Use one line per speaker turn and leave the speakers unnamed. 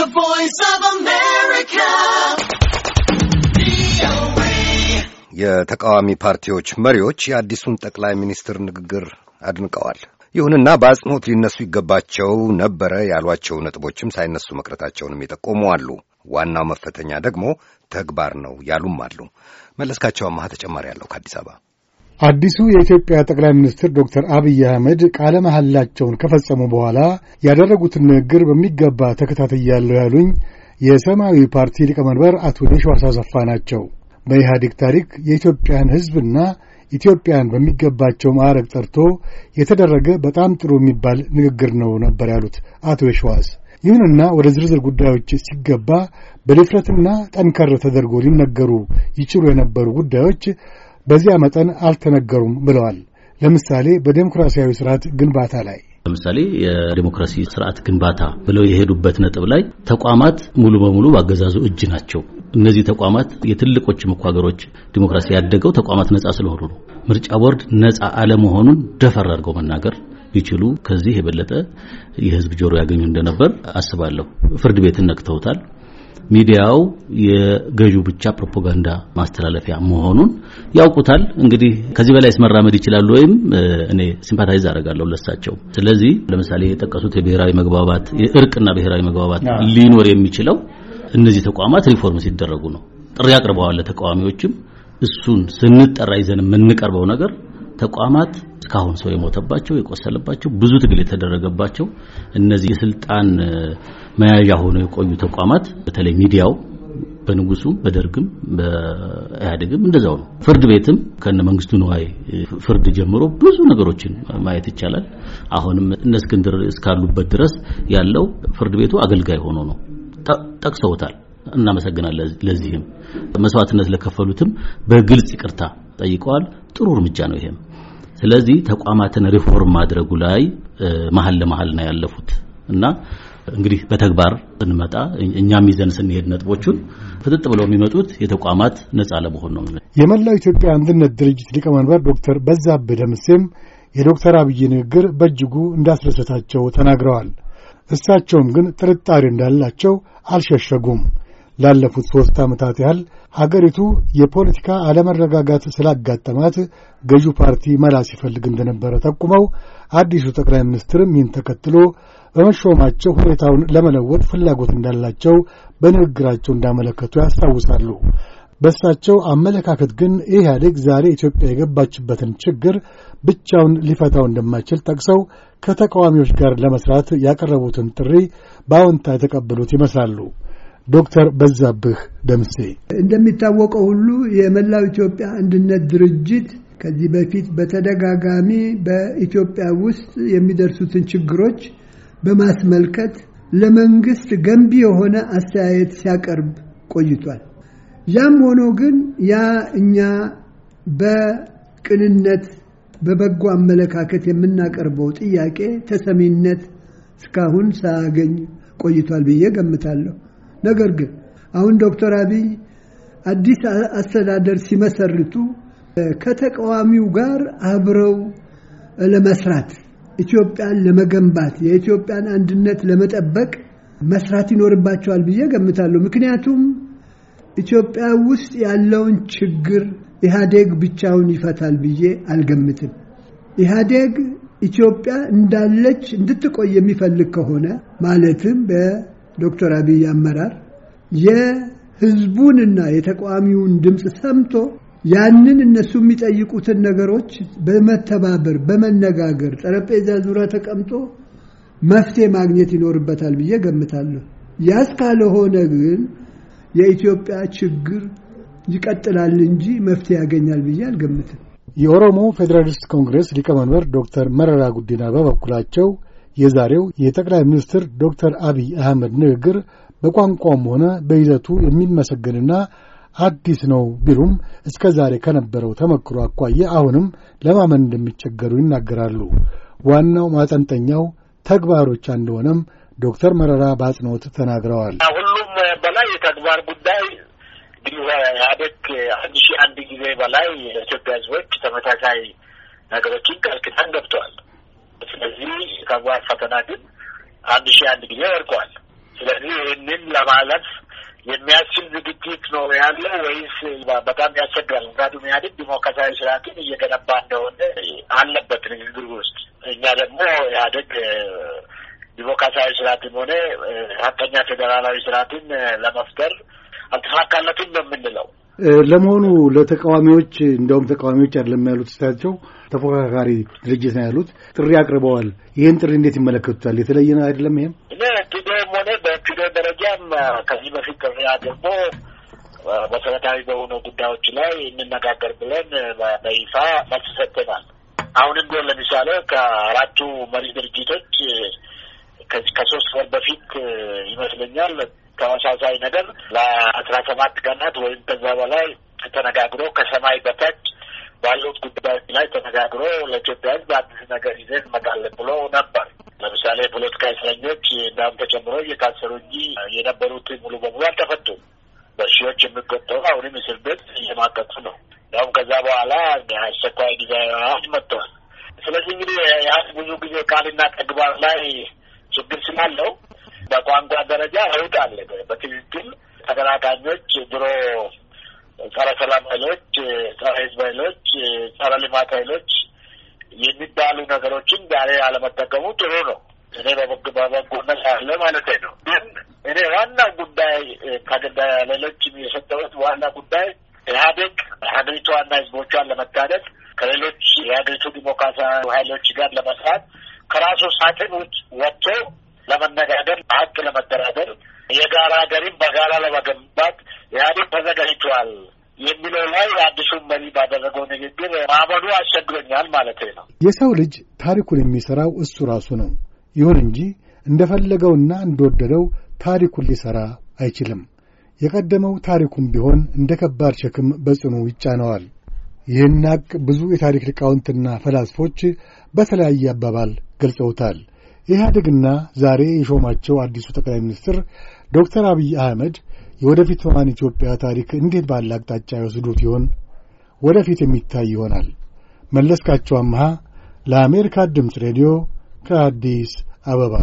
The Voice of America.
የተቃዋሚ ፓርቲዎች መሪዎች የአዲሱን ጠቅላይ ሚኒስትር ንግግር አድንቀዋል። ይሁንና በአጽንኦት ሊነሱ ይገባቸው ነበረ ያሏቸው ነጥቦችም ሳይነሱ መቅረታቸውንም የጠቆሙ አሉ። ዋናው መፈተኛ ደግሞ ተግባር ነው ያሉም አሉ። መለስካቸው አማሃ ተጨማሪ አለው ከአዲስ አበባ
አዲሱ የኢትዮጵያ ጠቅላይ ሚኒስትር ዶክተር አብይ አህመድ ቃለ መሐላቸውን ከፈጸሙ በኋላ ያደረጉትን ንግግር በሚገባ ተከታትያለሁ ያሉኝ የሰማያዊ ፓርቲ ሊቀመንበር አቶ የሺዋስ አሰፋ ናቸው። በኢህአዴግ ታሪክ የኢትዮጵያን ሕዝብና ኢትዮጵያን በሚገባቸው ማዕረግ ጠርቶ የተደረገ በጣም ጥሩ የሚባል ንግግር ነው ነበር ያሉት አቶ የሺዋስ። ይሁንና ወደ ዝርዝር ጉዳዮች ሲገባ በድፍረትና ጠንከር ተደርጎ ሊነገሩ ይችሉ የነበሩ ጉዳዮች በዚያ መጠን አልተነገሩም ብለዋል። ለምሳሌ በዴሞክራሲያዊ ስርዓት ግንባታ ላይ
ለምሳሌ የዴሞክራሲ ስርዓት ግንባታ ብለው የሄዱበት ነጥብ ላይ ተቋማት ሙሉ በሙሉ በአገዛዙ እጅ ናቸው። እነዚህ ተቋማት የትልቆች እኮ ሀገሮች ዴሞክራሲ ያደገው ተቋማት ነጻ ስለሆኑ ነው። ምርጫ ቦርድ ነጻ አለመሆኑን ደፈር አድርገው መናገር ቢችሉ ከዚህ የበለጠ የህዝብ ጆሮ ያገኙ እንደነበር አስባለሁ። ፍርድ ቤትን ነክተውታል። ሚዲያው የገዢው ብቻ ፕሮፓጋንዳ ማስተላለፊያ መሆኑን ያውቁታል። እንግዲህ ከዚህ በላይ መራመድ ይችላሉ ወይም እኔ ሲምፓታይዝ አደርጋለሁ ለሳቸው። ስለዚህ ለምሳሌ የጠቀሱት የብሔራዊ መግባባት የእርቅና ብሔራዊ መግባባት ሊኖር የሚችለው እነዚህ ተቋማት ሪፎርም ሲደረጉ ነው። ጥሪ አቅርበዋል ለተቃዋሚዎችም። እሱን ስንጠራ ይዘን የምንቀርበው ነገር ተቋማት እስካሁን ሰው የሞተባቸው የቆሰለባቸው ብዙ ትግል የተደረገባቸው እነዚህ የስልጣን መያዣ ሆነው የቆዩ ተቋማት በተለይ ሚዲያው በንጉሱም በደርግም በኢህአዴግም እንደዛው ነው። ፍርድ ቤትም ከነ መንግስቱ ንዋይ ፍርድ ጀምሮ ብዙ ነገሮችን ማየት ይቻላል። አሁንም እነ እስክንድር እስካሉበት ድረስ ያለው ፍርድ ቤቱ አገልጋይ ሆኖ ነው ጠቅሰውታል። እናመሰግናለን። ለዚህም መስዋዕትነት ለከፈሉትም በግልጽ ይቅርታ ጠይቀዋል። ጥሩ እርምጃ ነው ይሄም። ስለዚህ ተቋማትን ሪፎርም ማድረጉ ላይ መሀል ለመሀል ነው ያለፉት እና እንግዲህ በተግባር እንመጣ እኛም ይዘን ስንሄድ ነጥቦቹን ፍጥጥ ብለው የሚመጡት የተቋማት ነፃ ለመሆን ነው።
የመላው ኢትዮጵያ አንድነት ድርጅት ሊቀመንበር ዶክተር በዛብህ ደምሴም የዶክተር አብይ ንግግር በእጅጉ እንዳስደሰታቸው ተናግረዋል። እሳቸውም ግን ጥርጣሬ እንዳላቸው አልሸሸጉም። ላለፉት ሦስት ዓመታት ያህል ሀገሪቱ የፖለቲካ አለመረጋጋት ስላጋጠማት ገዢው ፓርቲ መላ ሲፈልግ እንደነበረ ጠቁመው አዲሱ ጠቅላይ ሚኒስትርም ይህን ተከትሎ በመሾማቸው ሁኔታውን ለመለወጥ ፍላጎት እንዳላቸው በንግግራቸው እንዳመለከቱ ያስታውሳሉ። በእሳቸው አመለካከት ግን ኢህአዴግ ዛሬ ኢትዮጵያ የገባችበትን ችግር ብቻውን ሊፈታው እንደማይችል ጠቅሰው ከተቃዋሚዎች ጋር ለመስራት ያቀረቡትን ጥሪ በአዎንታ የተቀበሉት ይመስላሉ። ዶክተር በዛብህ ደምሴ
እንደሚታወቀው ሁሉ የመላው ኢትዮጵያ አንድነት ድርጅት ከዚህ በፊት በተደጋጋሚ በኢትዮጵያ ውስጥ የሚደርሱትን ችግሮች በማስመልከት ለመንግስት ገንቢ የሆነ አስተያየት ሲያቀርብ ቆይቷል። ያም ሆኖ ግን ያ እኛ በቅንነት በበጎ አመለካከት የምናቀርበው ጥያቄ ተሰሚነት እስካሁን ሳያገኝ ቆይቷል ብዬ ገምታለሁ። ነገር ግን አሁን ዶክተር አብይ አዲስ አስተዳደር ሲመሰርቱ ከተቃዋሚው ጋር አብረው ለመስራት ኢትዮጵያን ለመገንባት የኢትዮጵያን አንድነት ለመጠበቅ መስራት ይኖርባቸዋል ብዬ ገምታለሁ። ምክንያቱም ኢትዮጵያ ውስጥ ያለውን ችግር ኢህአዴግ ብቻውን ይፈታል ብዬ አልገምትም። ኢህአዴግ ኢትዮጵያ እንዳለች እንድትቆይ የሚፈልግ ከሆነ ማለትም ዶክተር አብይ አመራር የህዝቡንና የተቃዋሚውን ድምፅ ሰምቶ ያንን እነሱ የሚጠይቁትን ነገሮች በመተባበር በመነጋገር ጠረጴዛ ዙሪያ ተቀምጦ መፍትሄ ማግኘት ይኖርበታል ብዬ ገምታለሁ። ያስ ካልሆነ ግን የኢትዮጵያ ችግር ይቀጥላል እንጂ መፍትሄ ያገኛል ብዬ አልገምትም።
የኦሮሞ ፌዴራሊስት ኮንግረስ ሊቀመንበር ዶክተር መረራ ጉዲና በበኩላቸው የዛሬው የጠቅላይ ሚኒስትር ዶክተር አብይ አህመድ ንግግር በቋንቋውም ሆነ በይዘቱ የሚመሰገንና አዲስ ነው ቢሉም እስከ ዛሬ ከነበረው ተመክሮ አኳያ አሁንም ለማመን እንደሚቸገሩ ይናገራሉ። ዋናው ማጠንጠኛው ተግባሮች እንደሆነም ዶክተር መረራ በአጽንኦት ተናግረዋል። ሁሉም
በላይ የተግባር ጉዳይ ኢህአዴግ አንድ ሺህ አንድ ጊዜ በላይ የኢትዮጵያ ሕዝቦች ተመሳሳይ ነገሮችን ቃል ኪዳን ገብተዋል። ከጓት ፈተና ግን አንድ ሺህ አንድ ጊዜ ወድቋል። ስለዚህ ይህንን ለማለፍ የሚያስችል ዝግጅት ነው ያለ ወይስ በጣም ያስቸግራል? ምክንያቱም ኢህአዴግ ዲሞክራሲያዊ ስርዓትን እየገነባ እንደሆነ አለበት ንግግር ውስጥ እኛ ደግሞ ኢህአዴግ ዲሞክራሲያዊ ስርዓትም ሆነ ሀቀኛ ፌዴራላዊ ስርዓትን ለመፍጠር አልተሳካለትም ነው የምንለው።
ለመሆኑ ለተቃዋሚዎች እንደውም ተቃዋሚዎች አይደለም ያሉት እሳቸው ተፎካካሪ ድርጅት ነው ያሉት። ጥሪ አቅርበዋል። ይህን ጥሪ እንዴት ይመለከቱታል? የተለየ ነው አይደለም። ይሄም ፒዶም ሆነ በፒዶ ደረጃም
ከዚህ በፊት ጥሪ አቅርቦ መሰረታዊ በሆኑ ጉዳዮች ላይ እንነጋገር ብለን በይፋ መልስ ሰጥተናል። አሁንም ቢሆን ለምሳሌ ከአራቱ መሪ ድርጅቶች ከሶስት ወር በፊት ይመስለኛል ተመሳሳይ ነገር ለአስራ ሰባት ቀናት ወይም ከዛ በላይ ተነጋግሮ ከሰማይ በታች ባሉት ጉዳዮች ላይ ተነጋግሮ ለኢትዮጵያ ሕዝብ አዲስ ነገር ይዘን እንመጣለን ብሎ ነበር። ለምሳሌ የፖለቲካ እስረኞች እንዳሁም ተጨምሮ እየታሰሩ እንጂ የነበሩት ሙሉ በሙሉ አልተፈቱም። በሺዎች የሚቆጠሩ አሁንም እስር ቤት እየማቀቱ ነው። እንዲሁም ከዛ በኋላ አስቸኳይ ጊዜ አዋጅ መጥተዋል። ስለዚህ እንግዲህ ያህል ብዙ ጊዜ ቃልና ተግባር ላይ ችግር ስላለው በቋንቋ ደረጃ ለውጥ አለ። በትክክል ተቀናቃኞች ድሮ ጸረ ሰላም ኃይሎች፣ ጸረ ህዝብ ኃይሎች፣ ጸረ ልማት ኃይሎች የሚባሉ ነገሮችን ዛሬ አለመጠቀሙ ጥሩ ነው። እኔ በበጎነት ያለ ማለት ነው። ግን እኔ ዋና ጉዳይ ከሌሎች የሰጠሁት ዋና ጉዳይ ኢህአዴግ ሀገሪቷና ህዝቦቿን ለመታደግ ከሌሎች የሀገሪቱ ዲሞክራሲያዊ ኃይሎች ጋር ለመስራት ከራሱ ሳጥን ውጭ ወጥቶ ለመነጋገር በሀቅ ለመደራደር የጋራ ሀገርን በጋራ ለመገንባት ኢህአዴግ ተዘጋጅቷል የሚለው ላይ አዲሱን መሪ ባደረገው ንግግር ማመኑ አስቸግሮኛል ማለት ነው።
የሰው ልጅ ታሪኩን የሚሰራው እሱ ራሱ ነው። ይሁን እንጂ እንደፈለገውና እንደወደደው ታሪኩን ሊሰራ አይችልም። የቀደመው ታሪኩም ቢሆን እንደ ከባድ ሸክም በጽኑ ይጫነዋል። ይህን ሀቅ ብዙ የታሪክ ሊቃውንትና ፈላስፎች በተለያየ አባባል ገልጸውታል። ኢህአዴግና ዛሬ የሾማቸው አዲሱ ጠቅላይ ሚኒስትር ዶክተር አብይ አህመድ የወደፊት ሮማን ኢትዮጵያ ታሪክ እንዴት ባለ አቅጣጫ ይወስዱት ይሆን? ወደፊት የሚታይ ይሆናል። መለስካቸው አምሃ ለአሜሪካ ድምፅ ሬዲዮ ከአዲስ አበባ